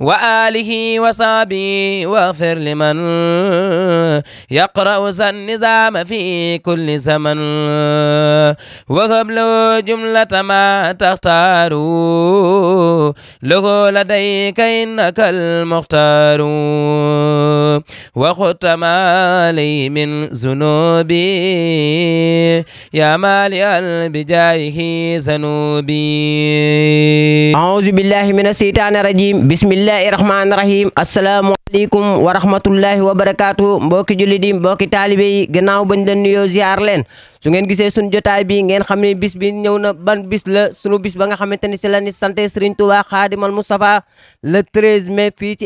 وآله وصحبه واغفر لمن يقرأ النظام في كل زمن وهب له جملة ما تختار له لديك إنك المختار وختم علي من ذنوبي يا مالئا بجاهه ذنوبي أعوذ بالله من الشيطان الرجيم بسم الله الرحمن الرحيم السلام aleykum wa rahmatullahi wa barakaatu mbokki julli di mbokki taalibe yi gannaaw bañ leen nuyoo ziar leen su ngeen gisee suñu jotaay bi ngeen xam ne bis bi ñëw na ban bis la sunu bis ba nga xamante ni si la ni sant Serigne Touba Xaadimal Moustapha le 13 mai fii ci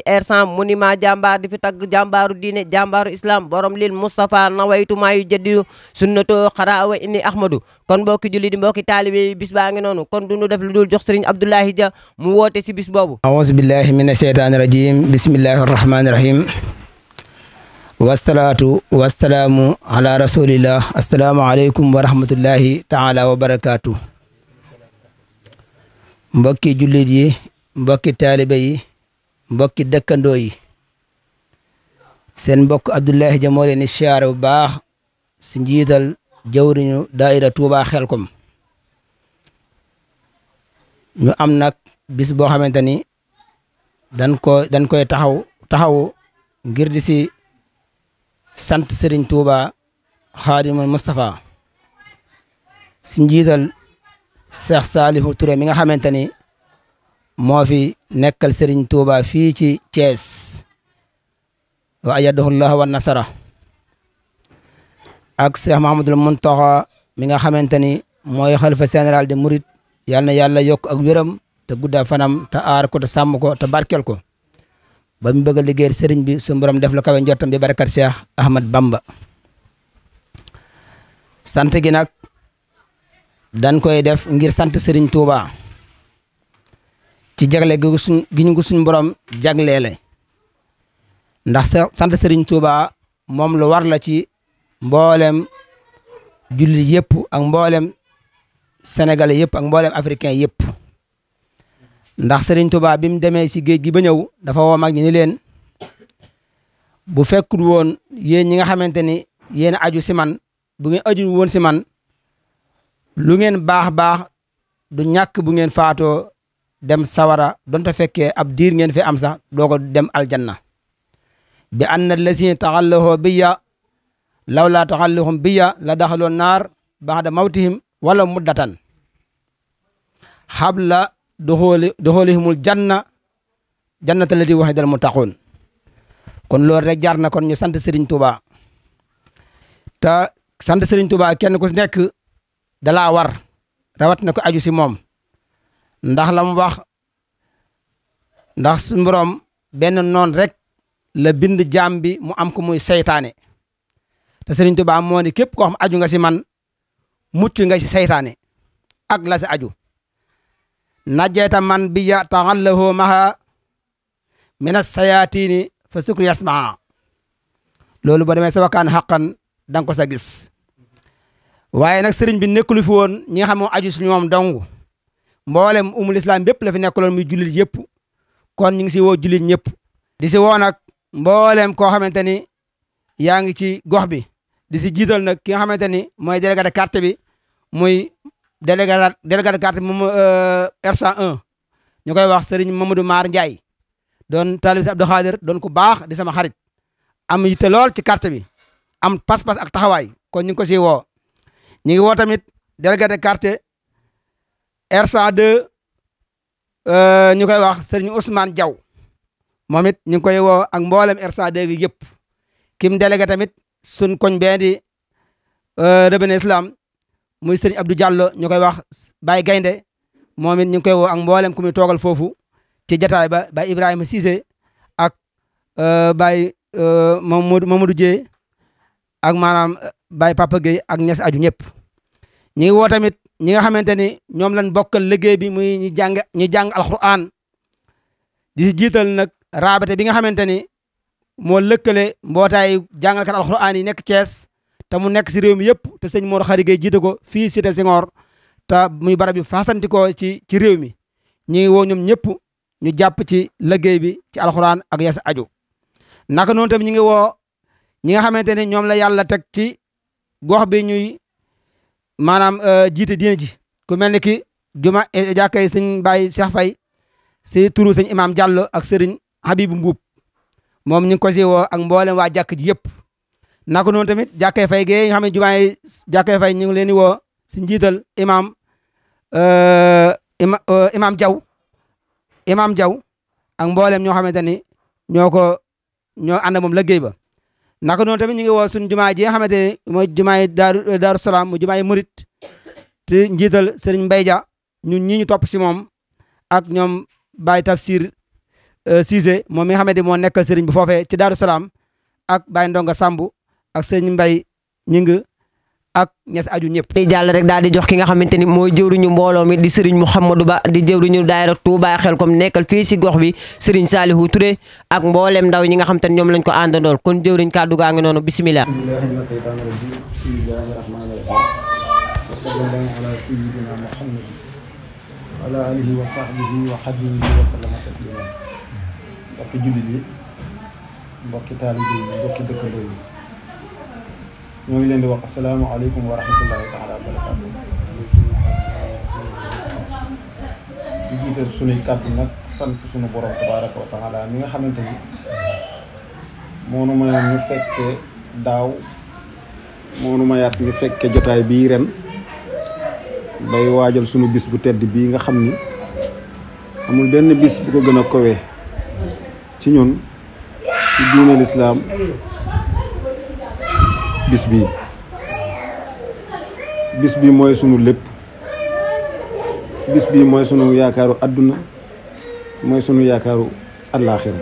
mu ni ma jàmbaar di fi tagg jàmbaaru diine jàmbaaru islam borom lil Moustapha nawaytu maa yu jaddidu sunnatoo xaraa wa inni ahmadu kon mbokki julli di mbokki taalibe yi bis baa ngi noonu kon duñu def lu dul jox Serigne Abdoulaye Dia mu woote si bis boobu. aouzu billahi mina sheytaani rajim bismillahi rahmaani rahim. wasalaatu wasalaamu ala rasulillah asalaamualeykum wa rahmatullahi taala wa barakaatu mbokki jullit yi mbokki taalibe yi mbokki dëkkandoo yi seen mbokk Abdoulaye Dia moo leen bu baax si njiital jawriñu daaira Tuubaa Xelkom ñu am nag bis boo xamante ni dañ ko dañ koy taxaw taxaw ngir sant Serigne Touba Xaadimul Moustapha si njiital Cheikh Salihu Touré mi nga xamante ni moo fi nekkal Serigne Touba fii ci Thiès wa ayadahu llah wa nasara ak Cheikh Mahamadul Muntaxa mi nga xamante ni mooy xalifa général de Mouride yal na yàlla yokk ak wéram te gudda fanam te aar ko te sàmm ko te barkel ko ba mu bëgg a liggéeyal sëriñ bi suñ borom def lu kawe njottam bi barakat Cheikh Ahmad Bamba sant gi nag dañ koy def ngir sant sëriñ Touba ci jagle gi suñ gi ñu ko suñu borom jagleele ndax sant sëriñ Touba moom la war la ci mbooleem jullit yëpp ak mbooleem sénégalais yëpp ak mboolem africain yëpp. ndax Serigne Touba bi mu demee si géej gi ba ñëw dafa woo mag ñi ni leen bu fekkul woon yéen ñi nga xamante ni yéen aju si man bu ngeen aju woon si man lu ngeen baax baax du ñàkk bu ngeen faatoo dem sawara donte fekkee ab diir ngeen fi am sax doo dem aljanna bi anna lazina taxallahoo biya law laa taxallahum biya la daxaloon naar baxda mawtihim wala muddatan xabla duxooli duxoolihimul janna jannata lati waxidal muttaqoon kon loolu rek jaar na kon ñu sant seriñ Touba te sant Serigne Touba kenn ku si nekk dalaa war rawat na ko aju si moom ndax la mu wax ndax su borom benn noon rek la bind jaam bi mu am ko muy seytaane te Serigne Touba moo ni képp koo am aju nga si man mucc nga si seytaane ak la si aju najjayta man biya taxallahu maha min asayatini fa sukri yasmaa loolu boo demee sa wakkaan xaqan da nga ko sa gis waaye nag sëriñ bi nekkul fi woon ñi nga xam moo aju si ñoom dong mboolem umul islam bépp la fi nekkuloon muy jullit yëpp kon ñu ngi si woo jullit ñëpp di si woo nag mboolem koo xamante ni yaa ngi ci gox bi di si jiital nag ki nga xamante ni mooy délégué de bi muy délégué délégué de quartier moom euh, r ñu koy wax Serigne Mamadou Mar Ndiaye doon taalibe si Abdou Khadir doon ku baax di sama xarit am yitte lool ci quartier bi am pas-pas ak taxawaay ko ñu ngi ko siy woo ñu ngi woo tamit délégué de quartier r euh, ñu koy wax Serigne Ousmane Diaw moom it ñu ngi koy woo ak mboolem rsa 102 gi yëpp kim délégué tamit suñ koñ bee di euh, Rebene muy sëriñ Abdou Diallo ñu koy wax bay Gaynde moom it ñu ngi koy woo ak mboolem ku muy toogal foofu ci jataay ba Baye Ibrahima Cissé ak euh, Baye euh, Mamadou Mamadou Dieye ak maanaam euh, bay Papa Gueye ak ñes aju ñëpp. ñu ngi woo tamit ñi nga xamante ni ñoom lañ bokkal liggéey bi muy ñu jàng ñu jàng alxuraan di jiital nag raabate bi nga xamante ni moo lëkkale mbootaayu jàngalkat alxuraan yi nekk Thiès. te nekk si réew mi yëpp te sëñ Mor Khary Gueye jiite ko fii cité Senghor te muy barab bi faasanti ko ci ci réew mi ñu ngi woo ñoom ñëpp ñu jàpp ci liggéey bi ci alxuraan ak yas aju naka noonu tam ñu ngi woo ñi nga xamante ne ñoom la yàlla teg ci gox bi ñuy maanaam euh, jiite diine ji ku mel ni ki juma e, jàkkay sëñ Baye Cheikh Faye si turu sëñ imaam Diallo ak sëriñ Habib Mbuub moom ñu ngi ko si woo ak mboolem waa jàkk ji yëpp naka noonu tamit jàkkee fay gee nga xam ne jumaa yi fay ñu ngi leen di woo si njiital imaam euh, ima euh, jaw Diaw imaam Diaw ak mboolem ñoo xamante ni ñoo ko ñoo ànd moom liggéey ba naka noonu tamit ñu ngi woo suñu jumaa ji nga xamante ni mooy jumaa yi daaru mu jumaa yi murit te njiital Serigne Mbaye Dia ñun ñii ñu topp si moom ak ñoom Baye Tafsir euh, Cissé moom mi nga xamante ni moo nekkal Serigne bi foofee ci daaru salaam ak Baye Ndonga Sambu ak sëñ Mbay ñi nga ak ñes aju ñëpp di jàll rek daal di jox ki nga xamante ni mooy jëwriñu mbooloo mi di sëriñ Mouhamadou Ba di jëwriñu daayira Touba Xelcom nekkal fii si gox bi sëriñ Saalihu Touré ak mbooleem ndaw ñi nga xam te ñoom lañ ko àndandool kon jëwriñ kàddu gaa ngi noonu bisimilah ala alihi ñoo ngi leen di wax asalaamaaleykum wa rahmatullahi taala wa barakaatu di jiital sunuy kàddu nag sant sunu borom tabaraka wa taala mi nga xamante ni moo nu mayoon ñu fekkee daaw moo nu mayaat ñu fekke jotaay bii ren bay waajal sunu bis bu tedd bii nga xam ni amul benn bis bi ko gën a kowee ci ñun ci diine lislaam bis bii bis bii mooy sunu lépp bis bii mooy sunu yaakaaru àdduna mooy sunu yaakaaru àllaaxira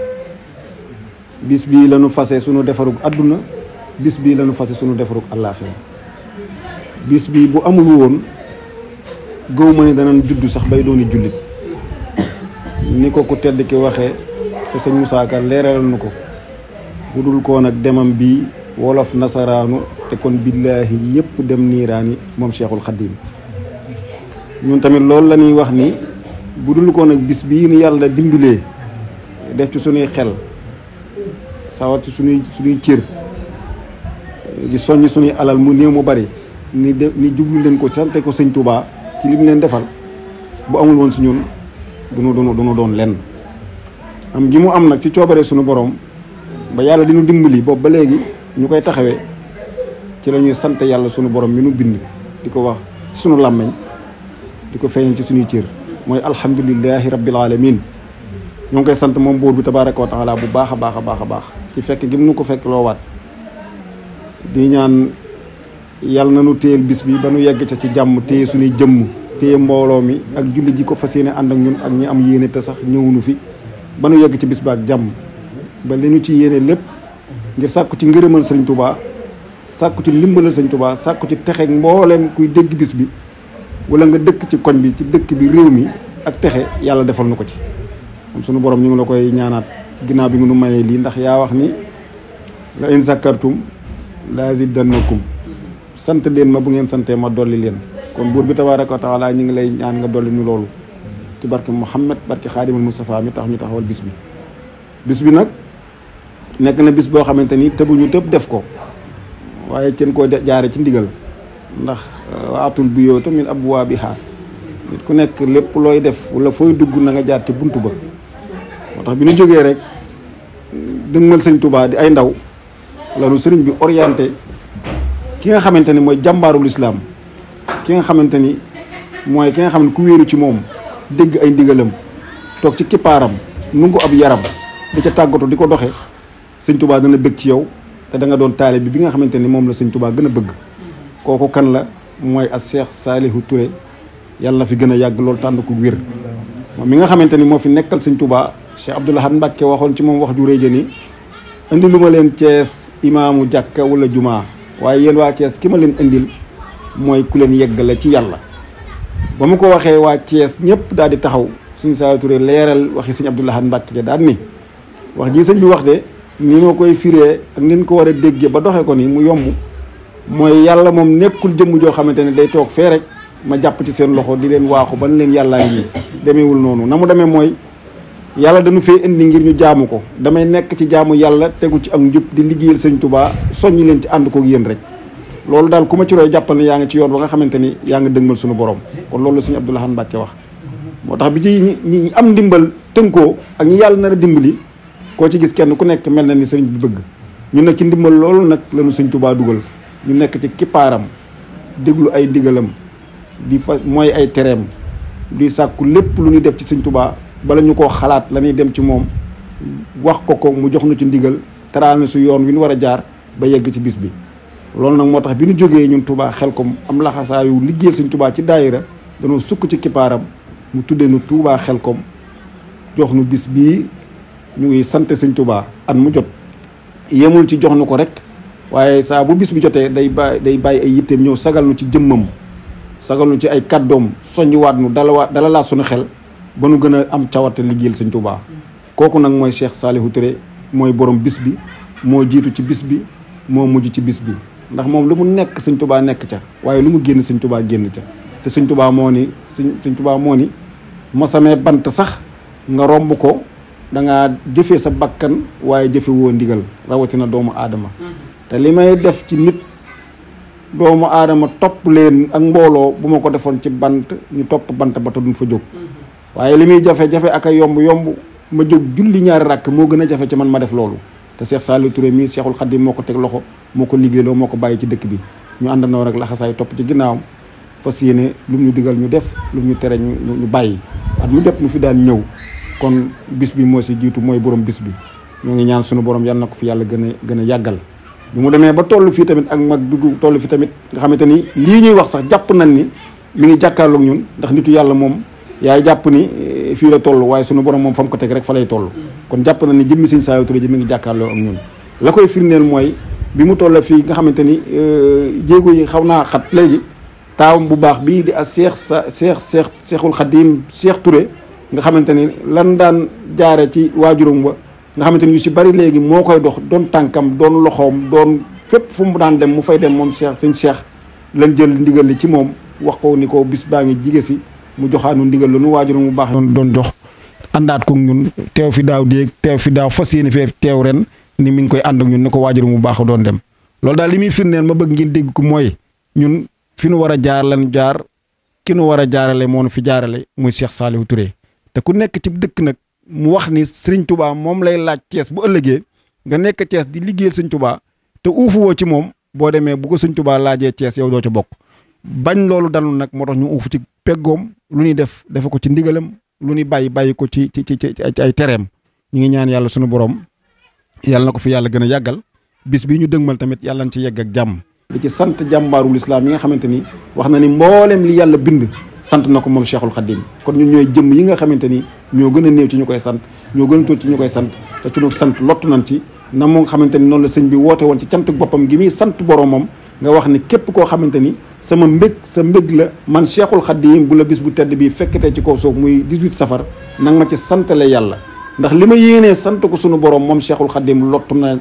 biis bii lañu fase sunu defarug àdduna bis bii lañu fase sunu defarug àllaaxira bis bii bu amul woon gëw ni ne juddu sax bay dooni jullit ni ko ku tedd ki waxee te sëñ Moussa Ka ko bu dul koon ak demam bii wolof nasaraanu te kon billaahi ñëpp dem niiraani moom seexul xaddim ñun tamit loolu lañuy wax ni bu dul ko nag bis bii nu yàlla dimbilee def ci suñuy xel sawar ci suñuy suñuy cër di soññ suñuy alal mu néew mu bari ni de ni jublu leen ko sante ko sëñ Touba ci lim leen defal bu amul woon si ñun duñu duñu duñu doon lenn am gi mu am nag ci coobare sunu borom ba yàlla dinu dimbali boobu ba léegi ñu koy taxawee ci lañuy sant yàlla sunu borom mi nu bind di ko wax sunu làmmiñ di ko feeñal ci sunuy cër mooy alhamdulilahi rabbil alamin ñoo ngi koy sant moom buur bi te tabaraka wa taala bu baax a baax a baax a baax ci fekk gi mu nu ko fekk loo waat di ñaan yàlla na nu téyel bis bi ba nu yegg ca ci jàmm téye sunuy jëmm téye mbooloo mi ak julli ji ko fas yéene ànd ak ñun ak ñi am yéene te sax ñëwunu fi ba nu yegg ci bis ba ak jàmm ba li nu ci yéene lépp ngir sàkku ci ngërëmal sëriñ Touba sàkku ci ndimbalal sëriñ tubaa sàkku ci texe mbooleem kuy dégg bis bi wala nga dëkk ci koñ bi ci dëkk bi réew mi ak texe yàlla defal na ko ci sunu borom ñu ngi la koy ñaanaat ginnaaw bi nga nu mayee lii ndax yaa wax ni la in sakkartum la sant leen ma bu ngeen santee ma dolli leen kon buur bi tabaaraka wa taala ñu ngi lay ñaan nga dolli nu loolu ci barke Muhammad barke xaadimul Mustafa mi tax ñu taxawal bis bi bis bi nag nekk na bis boo xamante ni tëbuñu tëb def ko waaye ceen koo jaare ci ndigal ndax euh, waatul bi yow tamit ab waa bi xaar nit ku nekk lépp looy def wala fooy dugg na nga jaar ci bunt ba moo tax bi nu jógee rek dëgmal sëñ Touba di ay ndaw loolu sëriñ bi orienté ki nga xamante ni mooy jàmbaarul islaam ki nga xamante ni mooy ki nga xam ne ku wéeru ci moom dégg ay ndigalam toog ci kippaaram nu ko ab yaram di ca tàggatu di ko doxe sëñ tubaa dana bëgg ci yow te da nga doon taalibe bi nga xamante ni moom la sëñ tubaa gën a bëgg kooku kan la mooy as Cheikh Saalihu ture yàlla na fi gën a yàgg loolu tànn ko wér moom mi nga xamante ni moo fi nekkal sëñ tubaa Cheikh Abdoul Ahad Mbacke waxoon ci moom wax ju réjë ni indi lu ma leen Cees imaamu jàkka wala jumaa waaye yéen waa Cees ki ma leen indil mooy ku leen yeggale ci yàlla ba mu ko waxee waa Cees ñëpp daal di taxaw suñu Saalihu Touré leeral waxi sëñ Abdoul Ahad Mbacke ja daan ni wax ni ma koy firee ak ni ko war a déggee ba doxee ko ni mu yomb mooy yàlla moom nekkul jëmm joo xamante ne day toog fee rek ma jàpp ci seen loxo di leen waaxu ban leen yàllaa ngi demeewul noonu na mu demee mooy yàlla danu fee indi ngir ñu jaamu ko damay nekk ci jaamu yàlla tegu ci ak njub di liggéeyal sëñ tubaa soññi leen ci ànd koog yéen rek loolu daal ku ma ci roy jàppal ne yaa ngi ci yoon ba nga xamante ni yaa ngi dëgmal suñu borom kon loolu la suñu Abdoul Ahad Mbacke wax moo tax bi ci ñi am ndimbal tënkoo ak ñi yàlla nar a dimbali koo ci gis kenn ku nekk mel na ni sëriñ bi bëgg ñu nag ci ndimbal loolu nag lañu sëñ Tuubaa dugal ñu nekk ci kippaaram déglu ay ndigalam di fa mooy ay tereem di sàkku lépp lu ñuy def ci sëñ Tuubaa bala ñu koo xalaat la dem ci moom wax ko ko mu jox nu ci ndigal taraal na su yoon wi ñu war a jaar ba yegg ci bis bi loolu nag moo tax bi ñu jógee ñun xel ko Xelkom am laxasaayu liggéeyal suñ Touba ci daayira danoo sukk ci kippaaram mu tuddee nu Touba Xelkom jox nu bis bii ñu ngi sant sëñ Touba at mu jot yemul ci jox nu ko rek waaye saa bu bis bi jotee day bàyyi day bàyyi ay yitteem ñëw sagal nu ci jëmmam sagal nu ci ay kàddoom soññiwaat nu dalawaat dalalaat suñu xel ba nu gën a am cawarte liggéeyal sëñ Touba. kooku nag mooy Cheikh Saliou Touré mooy boroom bis bi moo jiitu ci bis bi moo mujj ci bis bi ndax moom lu mu nekk sëñ Touba nekk ca waaye lu mu génn sëñ Touba génn ca te sëñ Touba moo ni sëñ sëñ moo ni ma samee bant sax nga romb ko. da ngaa jëfee sa bakkan waaye jëfe woo ndigal rawatina doomu aadama te li may def ci nit doomu aadama topp leen ak mbooloo bu ma ko defoon ci bant ñu topp bant ba te duñ fa jóg waaye li muy jafe-jafe ak a yomb yomb ma jóg julli ñaari rakk moo gën a jafe ci man ma def loolu te Cheikh Saliou Touré mii Cheikhul xaddi moo ko teg loxo moo ko liggéeyloo moo ko bàyyi ci dëkk bi ñu àndandoo rek laxasaay topp ci ginnaawam fas yéene lu mu ñu digal ñu def lu ñu tere ñu ñu bàyyi at mu mu fi daan ñëw kon bis bi moo si jiitu mooy borom bis bi ñoo ngi ñaan suñu borom yal na ko fi yàlla gën a gën a yàggal bi mu demee ba toll fii tamit ak mag dugg toll fi tamit nga xamante ni lii ñuy wax sax jàpp nañ ni mu ngi jàkkaarloog ñun ndax nitu yàlla moom yaay jàpp ni eh, fii la tollu waaye sunu borom moom fa ko teg rek fa lay toll kon jàpp na ni jëmmi Sëñ Saliou Touré ji mi ngi jàkkaarloo ak ñun la koy firndeel mooy bi mu toll fii nga xamante ni eh, jéego yi xaw naa xat léegi taawam bu baax bii di a seex sa seex seex seexul xadim seex Touré nga xamante ni lan daan jaare ci waajuram wa nga xamante ni yu si bari léegi moo koy dox doon tànkam doon loxoom doon fépp fu mu daan dem mu fay dem moom Cheikh sëñ Cheikh lan jël ndigal li ci moom wax ko ni ko bis baa ngi jige si mu joxaanu ndigal lu nu waajuram bu baax doon jox àndaat ko ñun teew fi daaw déeg teew fi daaw fas yéene fee teew ren ni mi ngi koy ànd ak ñun ni ko waajuram bu baax doon dem loolu daal li muy firndeel ma bëgg ngeen dégg ko mooy ñun fi nu war a jaar lan jaar ki nu war a jaarale moo nu fi jaarale muy Cheikh Saliou Touré te ku nekk ci dëkk nag mu wax ni sëriñ tubaa moom lay laaj Cees bu ëllëgee nga nekk Cees di liggéeyal sëriñ tubaa te uufu woo ci moom boo demee bu ko sëriñ tubaa laajee Cees yow doo ca bokk bañ loolu dalul nag moo tax ñu uufu ci peggoom lu ñuy def defe ko ci ndigalam lu ñuy bàyyi bàyyi ko ci ci ci ay tereem ñu ngi ñaan yàlla sunu borom yàlla na ko fi yàlla gën a yàggal bis bii ñu dëgmal tamit yàlla na ci yegg ak jàmm. di ci sant jàmbaarul islaam yi nga xamante ni wax na ni mboolem li yàlla bind. sant na ko moom Cheikhul Khadim kon ñun ñooy jëmm yi nga xamante ni ñoo gën a néew ci ñu koy sant ñoo gën a tuuti ci ñu koy sant te ci sant lottu nañ ci na moo nga xamante ni noonu la sëñ bi woote woon ci cantuk boppam gi muy sant boromam nga wax ni képp koo xamante ni sama mbëg sa mbëg la man Cheikhul Khadim bu la bis bu tedd bii fekk te ci ko suuf muy 18 safar nan ma ci santale yàlla ndax li ma yéenee sant ko sunu boroom moom Cheikhul Khadim lottu na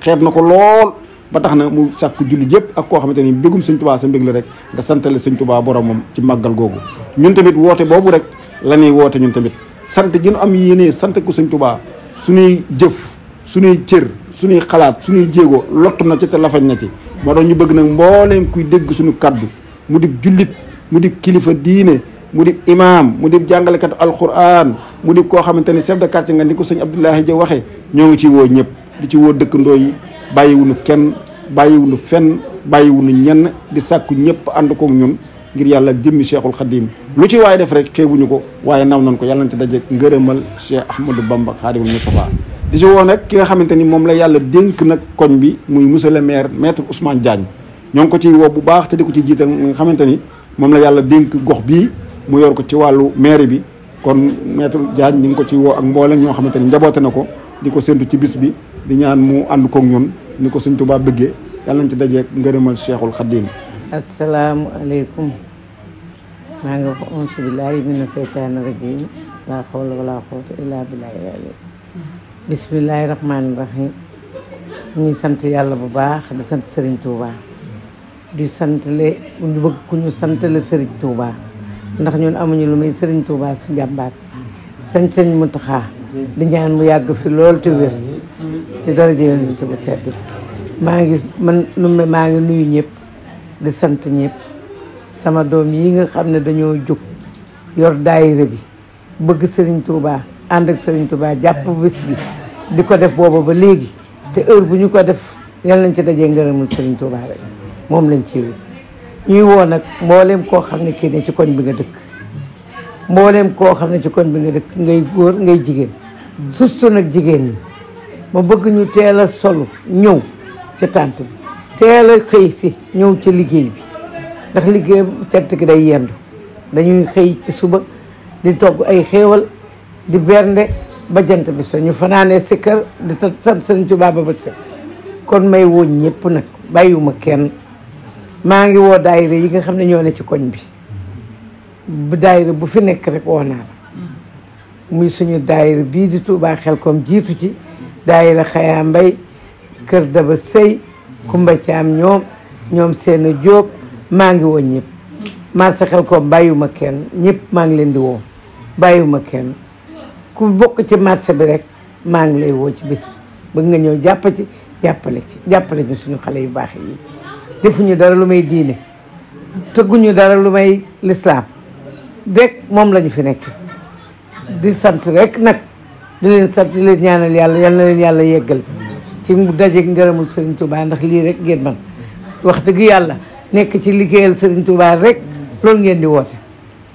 xeeb na ko lool ba tax na mu sàkku jullit yëpp ak koo xamante ni mbégum sëñ tubaa sa mbég la rek nga santale sëñ tubaa boromam ci màggal googu ñun tamit woote boobu rek la ñuy woote ñun tamit sant gi nu am yéenee sant ko sëñ tubaa suñuy jëf suñuy cër suñuy xalaat suñuy jéego lottu na ci te lafañ na ci moo doon ñu bëgg nag mbooleem kuy dégg suñu kaddu mu di jullit mu di kilifa diine mu di imaam mu di jàngalekatu alquran mu di koo xamante ni chef de quartier nga ni ko sëñ Abdoulaye Dia waxee ñoo ngi ci woo ñëpp di ci woo dëkkandoo yi bàyyiwunu kenn bàyyi bàyyiwunu fenn bàyyiwunu ñenn di sàkku ñëpp ànd kook ñun ngir yàlla jëmmi cheikhul xadim lu ci waaye def rek xeebuñu ko waaye naw nañ ko yàlla ci daje ngërëmal cheikh ahmadou bamba xaadimul moustapha di si woo nag ki nga xamante ni moom la yàlla dénk nag koñ bi muy monsieur le maire maître Ousmane Diagne ñoo ngi ko ci woo bu baax te di ko ci jiital nga xamante ni moom la yàlla dénk gox bii mu yor ko ci wàllu maire bi kon maître Diagne ñu ngi ko ci woo ak mboolem ñoo xamante ni njaboote na ko di ko séntu ci bis bi di ñaan mu ànd kook ñun ni ko suñ Tuubaa bëggee yàlla nañ ci dajeeg ngërëmal Cheikhul Xadim. asalaamualeykum maa ngi wax auzu billaahi mina seytaani rajiim laa xawla wala quwwata illaa billaahi bismillaahi rahmaani rahiim ñuy sant yàlla bu baax di sant Serigne Touba di sant le bëgg ku ñu sant le Serigne Touba ndax ñun amuñu lu muy sëriñ Touba su jàmbaat sañ-sañ mu taxaa di ñaan mu yàgg fi lool te wér ci daraja yonent suma tedd maa ngi man numbe maa ngi nuyu ñëpp di sant ñëpp sama doom yi nga xam ne dañoo jóg yor daayira bi bëgg sëriñ Touba ànd ak sëriñ Touba jàpp bés bi di ko def booba ba léegi te heure bu ñu ko def yal nañ ci dajee nga ngërëmul Serigne Touba rek moom lañ ci wut ñuy woo nag mbooleem koo xam ne kii ne ci koñ bi nga dëkk mbooleem koo xam ne ci koñ bi nga dëkk ngay góor ngay jigéen surtout nag jigéen ñi ma bëgg ñu teel a solu ñëw ca tànt bi teel xëy si ñëw ci liggéey bi ndax liggéey cant gi day yendu dañuy xëy ci suba di togg ay xéewal di bernde ba jant bi so ñu fanaanee sikkar di sant Sëriñ Tuubaa ba bët kon may woo ñëpp nag bàyyiwuma kenn maa ngi woo daayira yi nga xam ne ñoo ne ci koñ bi bu daayira bu fi nekk rek woo naa mm. muy suñu daayira bii di Tuubaa Xelkom jiitu ci daayira xayaa mbay kër daba sëy kumba caam ñoom ñoom seen a jóob maa ngi woo ñëpp marché Xelcom bàyyiwuma kenn ñëpp maa ngi leen di woo bàyyiwuma kenn ku bokk ci marché bi rek maa ngi lay woo ci bis bi bëgg nga ñëw jàpp ci jàppale ci jàppale ñu suñu xale yu baax yi defuñu dara lu may diine tëgguñu dara lu may lislaam rek moom lañu fi nekk di sant rekk nag di leen sant di leen ñaanal yàlla yal na leen yàlla yeggal ci mu dajeeg ngërëmul Serigne Touba ndax lii rek ngeen man wax dëgg yàlla nekk ci liggéeyal Serigne Touba rek loolu ngeen di woote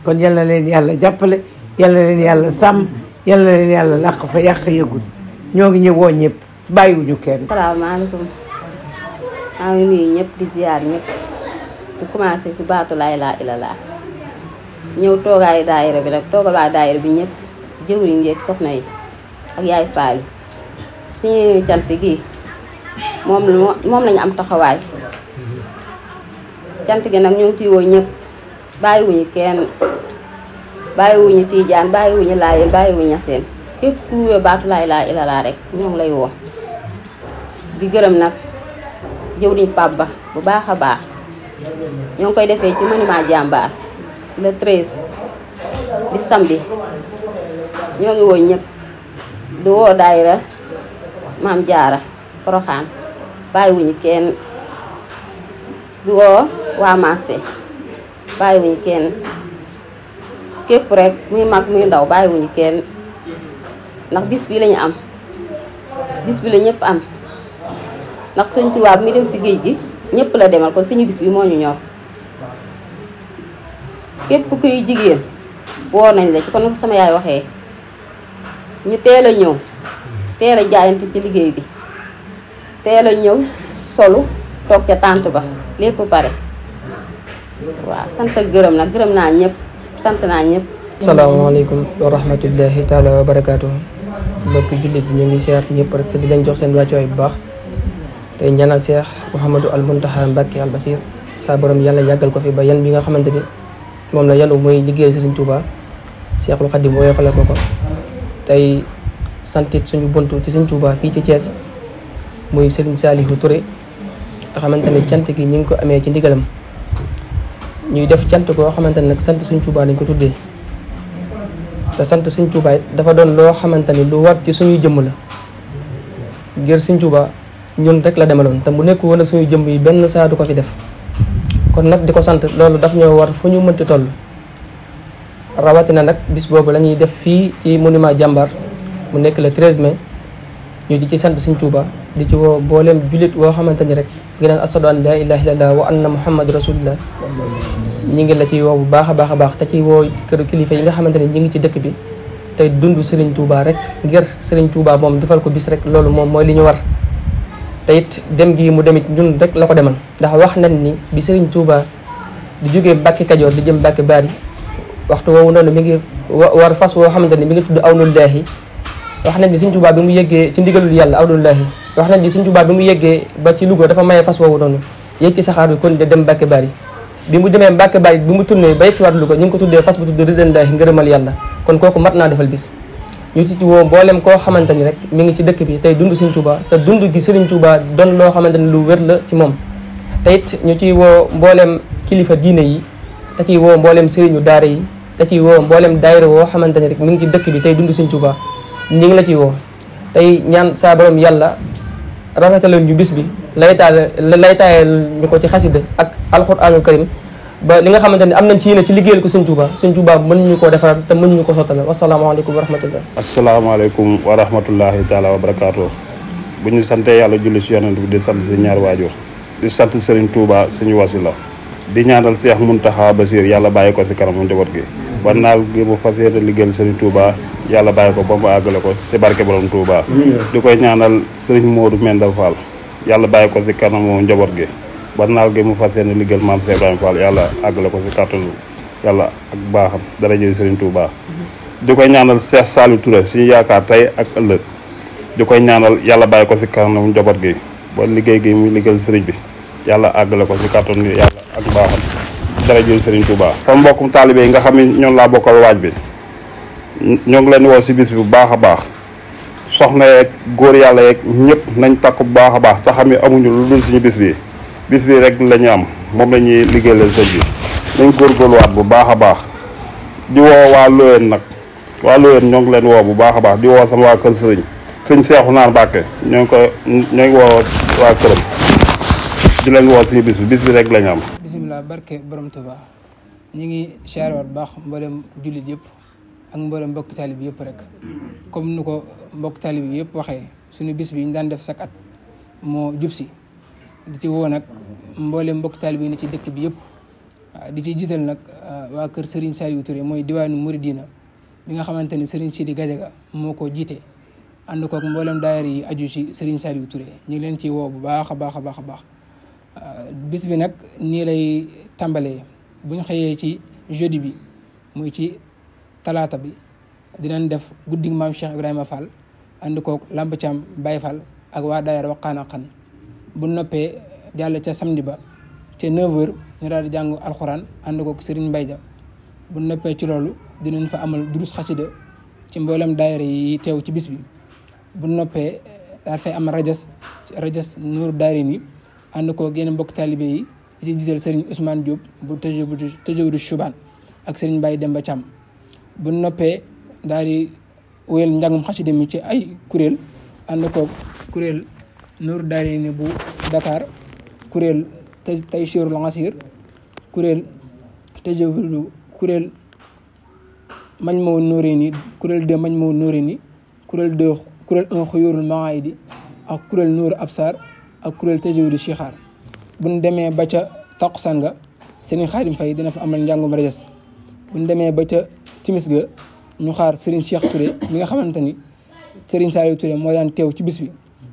kon yal na leen yàlla jàppale yal na leen yàlla sàmm yal na leen yàlla làq fa yàq yëgul ñoo ngi ñëw ñëwoo ñëpp bàyyiwuñu kenn. salaamaaleykum maa ngi nuyu ñëpp di ziar ñëpp ci si baatu laa ilaaha ñëw toogaayu daayira bi rek toogal waa bi ñëpp jëwriñ ak yaay faali suñu cant gi moom moom lañu am taxawaay cant gi nag ñoo ngi ciy woo ñëpp bàyyiwuñu kenn bàyyiwuñu tiijaan bàyyiwuñu laayeen bàyyiwuñu ñaseen képp ku baatu laay laa ilalaa rek ñoo lay woo di gërëm nag jëwriñ Pape Ba bu baax a baax ñoo ngi koy defee ci monument jàmbaar le 13 di samedi ñoo ngi woo ñëpp du woo daayira maam jaara poroxaan bàyyiwuñu kenn du woo waa marché bàyyiwuñu kenn képp rek muy mag muy ndaw bàyyiwuñu kenn ndax bis bi lañu am bis bi la ñëpp am ndax sëñ tubaab mi dem si géej gi ñëpp la demal kon suñu bis bi moo ñu ñor képp kuy jigéen woo nañ la ci kon ko sama yaay waxee ñu teel a ñëw teel a jaayante ci liggéey bi teel a ñëw solu toog ca tànt ba lépp pare waaw sant ak gërëm na gërëm naa ñëpp sant naa ñëpp asalaamaaleykum wa rahmatullahi taala wa barakaatu mbokki jullit di ñu ngi seer ñëpp rek te di leen jox seen wàccuwaay bu baax tey ñaanal Seex Mouhamadou al Muntaxa Mbàkke al Basir saa borom yàlla yàggal ko fi ba yan bi nga xamante ni moom na yàlla mooy liggéeyal Sëriñ Tuuba Seexul Xadim woyofale ko ko tey santit suñu buntu ci sëñ Touba fii ci Thiès muy sëriñ Saliou Touré nga xamante ne cant gi ñu ngi ko amee ci ndigalam ñuy def cant koo xamante ne nag sant sëñ Touba dañ ko tuddee sant sëñ dafa doon loo xamante ni lu war ci suñuy jëmm la ngir sëñ Touba ñun rek la demaloon te mu nekk woon ak suñu jëmm yi benn saa du ko fi def kon nag di ko sant loolu daf ñoo war fu ñu mënti toll rawatina nag bis boobu la ñuy def fii ci monument jàmbar mu nekk le 13 mai ñu di ci sant Sëñ Tuuba di ci woo booleem jullit woo xamante ni rek ngi naan asadu an laa ilaaha illallaah wa anna muhammad rasulullah ñu ngi la ci woo bu baax a baax a baax te ci woo këru kilifa yi nga xamante ne ñi ngi ci dëkk bi te dund Serigne Touba rek ngir Serigne Touba moom defal ko bis rek loolu moom mooy li ñu war te it dem gii mu demit ñun rek la ko demal ndax wax nañ ni bi Serigne Touba di jógee Mbàkke Kajoor di jëm Mbàkke Baari waxtu woowu noonu mu ngi war fas woo xamante ni mi ngi tudd awnullaahi wax nañ ni Sëñ Tuubaa bi mu yëggee ci ndigalul yàlla awnullaahi wax nañ ni Sëñ Tuubaa bi mu yëggee ba ci Louga dafa maye fas woowu noonu yëg ci saxaar bi kon de dem Mbàkke Bari bi mu demee Mbàkke Bari bi mu tunnee ba yegg si waat Louga ñu ngi ko tuddee fas bu tudd ridandaahi ngërëmal yàlla kon kooku mat naa defal bis ñu ci woo mbooleem koo xamante ni rek mu ngi ci dëkk bi tey dund Sëñ Tuubaa te dund gi Sëriñ Tuubaa doon loo xamante ni lu wér la ci moom te ñu ciy woo mbooleem kilifa diine yi te ciy woo mbooleem sëriñu daara yi da ciy woo mboolem daayira woo xamante ne rek mi ngi ci dëkk bi tey dund Sëñ Tuubaa ñi ngi la ciy woo tey ñaan saa borom yàlla rafetaloon ñu bis bi laytaale laytaayal ñu ko ci xasida ak alxuraanul karim ba li nga xamante ne am nañ ci yéene ci liggéeyal ko Sëñ Tuubaa Sëñ Tuubaa mën ñu ko defaral te mën ñu ko sottale wasalaamaaleykum wa rahmatullah asalaamaaleykum wa rahmatullahi taala wa barakaatu bu ñu santee yàlla julli si yonent bi di sant si ñaar waajur di sant Sëriñ Tuubaa suñu wasila di ñaanal Seex Muntaxa Basiir yàlla bàyyi ko fi kanamu njaboot gi war naa gi mu fas yéene liggéeyal sëriñ Touba yàlla bàyyi ko ba mu àggale ko ci barke borom Touba di koy ñaanal sëriñ Modou Mendel Fall yàlla bàyyi ko fi kanamu njaboot gi war naal gi mu fas yéene liggéeyal maam Seex Ibrahima Fall yàlla àggale ko ci kàttanu yàlla ak baaxam dara jël sëriñ Touba di koy ñaanal Seex Saliou Touré suñu yaakaar tey ak ëllëg di koy ñaanal yàlla bàyyi ko fi kanamu njaboot gi ba liggéey gi mu liggéeyal sëriñ bi yàlla àggale ko ci kàttan gi yàlla ak baaxam dara sëriñ Serigne baax sama mbokkum taalibe yi nga xam ne ñoom laa bokkal waaj bi ñoo ngi leen woo si bu baax a baax soxna góor yàlla yeeg ñëpp nañ takk bu baax a baax te xam ne amuñu suñu bis bi bis bi rek la am moom la ñuy liggéeyal sëñ bi nañ góorgóorluwaat bu baax a baax di woo waa Loyen nag waa Loyen ñoo ngi leen woo bu baax a baax di woo sama waa kër sëriñ sëñ Seexu Naar Mbàkke ñoo ngi ko ñoo ngi woo waa këram ci lañ woote ci bis bi bis bi rek lañ am. bisimilah barke borom Touba ñu ngi siyaare waat baax mboolem jullit yëpp ak mboolem mbokk taalib yëpp rek comme nu ko mbokk yëpp waxee suñu bis bi ñu daan def sak at moo jub si di ci woo nag mboolem mbokk taalib yi ne ci dëkk bi yëpp. di ci jiital nag ah, waa kër Serigne Saliou ture mooy diwaanu Mouridina bi nga xamante ne Serigne Sidi Gadiaga moo ko jiite ànd koog mboolem daayira yi aju ci Serigne Saliou ture ñu ngi leen ci woo bu baax baax a baax a baax. Euh, bis bi nag nii lay tàmbalee buñ xëyee ci jeudi bi muy ci talaata bi dinañ def guddig maam Cheikh Ibrahima Fall ànd koog Lamp Thiam Baye Fall ak waa daayira Wakana bu noppee jàll ca samedi ba ca 9h ñu jàng alxuraan ànd kook Serigne Mbaye ja bu noppee ci loolu dinañ fa amal durus xasida ci mboolem daayira yi teew ci bis bi bu noppee daal fay am rajas rajas Nuuru Daarayni ànd koo yeneen mbokk taalibe yi di ci jiital sëriñ Ousmane bu tajawudu tajawudu Chubaan ak sëriñ Baye Demba Thiam bu noppee daal di wéyal njàngum xasida mi ci ay kuréel ànd koo kuréel Nuuru Daarayni bu Dakar kuréel Taysirul Asir kuréel tajawudu kuréel Majmahun Nurayni kuréel de Majmahun Nurayni kuréel de kuréel un Xuyuurul Maayidi ak kuréel Nuuru Absar ak kuréel tajawidi bu buñ demee ba ca taqusan ga Serigne Xaadim Fay dina fa amal njàngum rajas buñ demee ba ca timis ga ñu xaar Serigne Cheikh Touré mi nga xamante ni Serigne Saliou Touré moo daan teew ci bis bi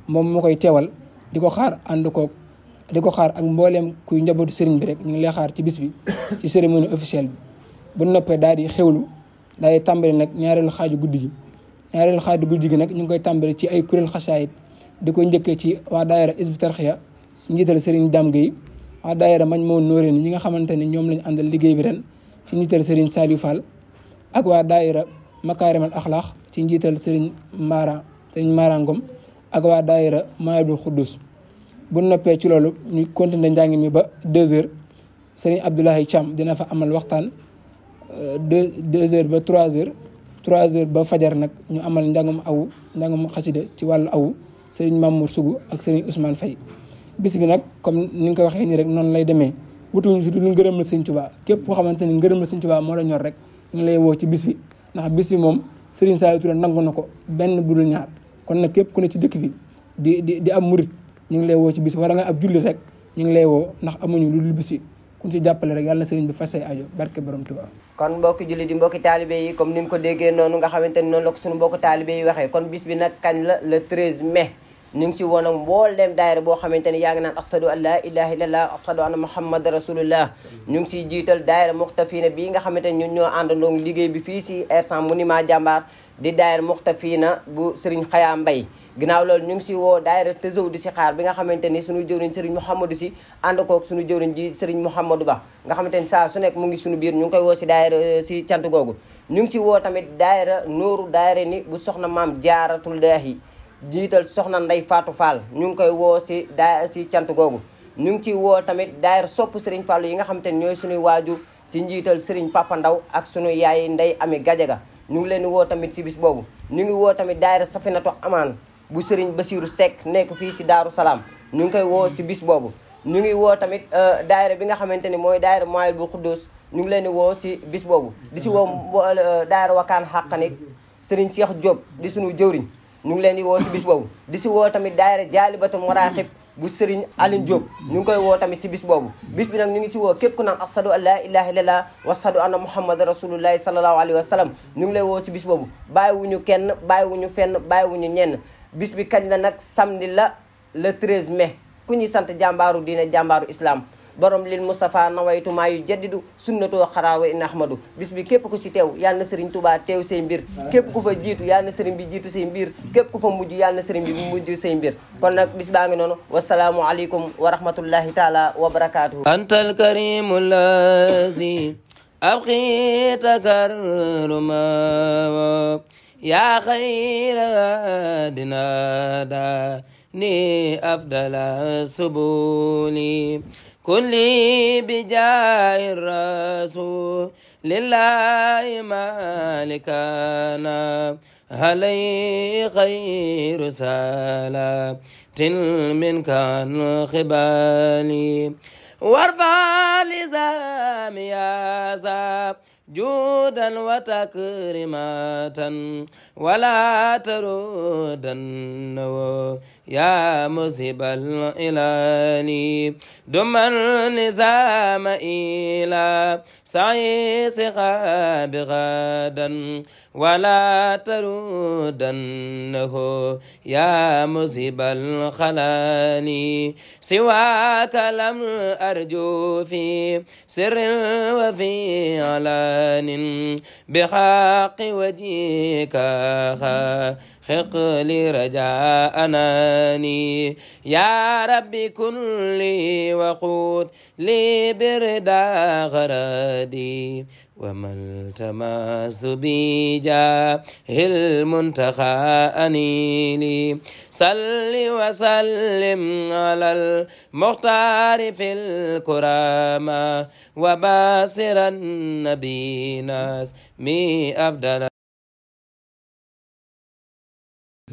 moom moo koy teewal di ko xaar ànd koog di ko xaar ak mbooleem kuy njabootu Serigne bi rek ñu ngi lay xaar ci bis bi ci cérémonie officielle bi bu noppee daal di xewlu daal di tàmbali nag ñaareelu xaaju guddi gi ñaareelu xaaju guddi gi nag ñu ngi koy tàmbali ci ay kuréel xasaayit di ko njëkkee ci waa daayira Hizbut njiital Serigne Dame Gueye waa daayira mañ moo nóoree ni ñi nga xamante ni ñoom lañu àndal liggéey bi ren ci njiital Serigne Saliou Fall ak waa daayira Makaarimal Axlaax ci njiital Serigne Mara Serigne Mara ak waa daayira Maayabul Xuddus bu noppee ci loolu ñu continuer njàng mi ba deux heures Serigne Abdoulaye Thiam dina fa amal waxtaan euh, deux deux heures ba trois heures trois heures ba fajar nag ñu amal njàngum awu njàngum xasida ci wàllu awu sëriñ Mamour Sougou ak sëriñ usmaan Faye bis bi nag comme ni nga ko waxee nii rek noonu lay demee wutuñu si du ngërëm la képp koo xamante ni ngërëm la sëñ Tuubaa moo la ñor rek lay woo ci bis bi ndax bis bi moom sëriñ Saliou Touré nangu na ko benn bu dul kon nag képp ku ci dëkk bi di ñu ngi lay woo ci bis wala ñu ngi lay woo ndax amuñu lu dul bis bi ku ci jàppale rek yàlla sëriñ bi fas say aajo barke borom Tuubaa mbokki jullit yi nga xamante ni noonu la ko suñu mbokki waxee kon bis bi nag kañ la le mais ñu ngi ci woon ak mbooleem boo xamante ne yaa ngi naan asadu an laa ilaha illallah asadu anna muhammad rasulullah ñu ngi ciy jiital daayira muxtafiina bii nga xamante ne ñoo àndandoo liggéey bi fii si R100 monument jàmbaar di daayira muxtafiina bu Serigne Xaya Mbay ginnaaw loolu ñu ngi si woo daayira tësow di si xaar bi nga xamante ni suñu jëwriñ sëriñ Mouhamadou si ànd koog suñu jëwriñ ji sëriñ Mouhamadou Ba nga xamante ni saa su nekk mu ngi suñu biir ñu ngi koy woo si daayira si euh, cant googu ñu ngi si woo tamit daayira nooru daayira ni bu soxna maam jaaratullahi jiital soxna Ndey Faatu Fall ñu ngi koy woo si daa si cant googu ñu ngi ciy woo tamit daayira sopp Serigne Fall yi nga xam te ne ñooy suñuy waajur si njiital Serigne Papa Ndaw ak sunu yaay Ndey Ami Gajaga ñu ngi leen di woo tamit si bis boobu ñu ngi woo tamit daayira Safinatu Amaan bu Serigne Basiiru Seck nekk fii si Daaru Salaam ñu ngi koy woo si bis boobu ñu ngi woo tamit euh, daayira bi nga xamante ni mooy daayira Maayil bu Xuddus ñu ngi leen di woo si bis boobu di si woo euh, daayira Wakaan Xàqanik Serigne Cheikh Diop di suñu jëwriñ ñu ngi leen di woo bis boobu di si woo tamit daayira jaalibatul maraaxib bu Serigne Aline Diop ñu ngi koy woo tamit si bis boobu bis bi nag ñu ngi si woo képp ku naan asadu an laa ilaha illallah wa asadu anna muhammad rasulullahi sallallahu alayhi wa sallam ñu ngi lay woo si bis boobu bàyyiwuñu kenn bàyyiwuñu fenn bàyyiwuñu ñenn bis bi kañ na nag samedi la le 13 mais ku ñuy sant jàmbaaru diine jàmbaaru islam borom lil Moustapha nawaytu maa yu jaddidu sunnatoo xaraawa in ahmadu bis bi képp ku si teew yàlla na sëriñ Touba teew say mbir képp ku fa jiitu yàlla na sëriñ bi jiitu say mbir képp ku fa mujj yàlla na sëriñ bi mujj say mbir kon nag bis baa ngi noonu wasalaamu aleykum wa rahmatullahi taala wa barakaatuhu anta alkarimu lazi أبقي تكرما يا خير غادنا داني أفضل سبولي كلي بجاه الرسول لله مالكنا علي خير سلام منك الخبالي وارفع لزام يا زاب جودا وتكرمة ولا ترودنه يا مذهب الإلان دم النزام إلى سعي سخاب غدا ولا ترودنه يا مذهب الخلان سواك لم أرجو في سر وفي علان بحق وجهك خق لي رجاء أناني يا ربي كن لي وقود لي بردا غرادي وما التماس بي جاه المنتخى أنيلي صل وسلم على المختار في الكرامة وباسر النبي ناس مي أبدل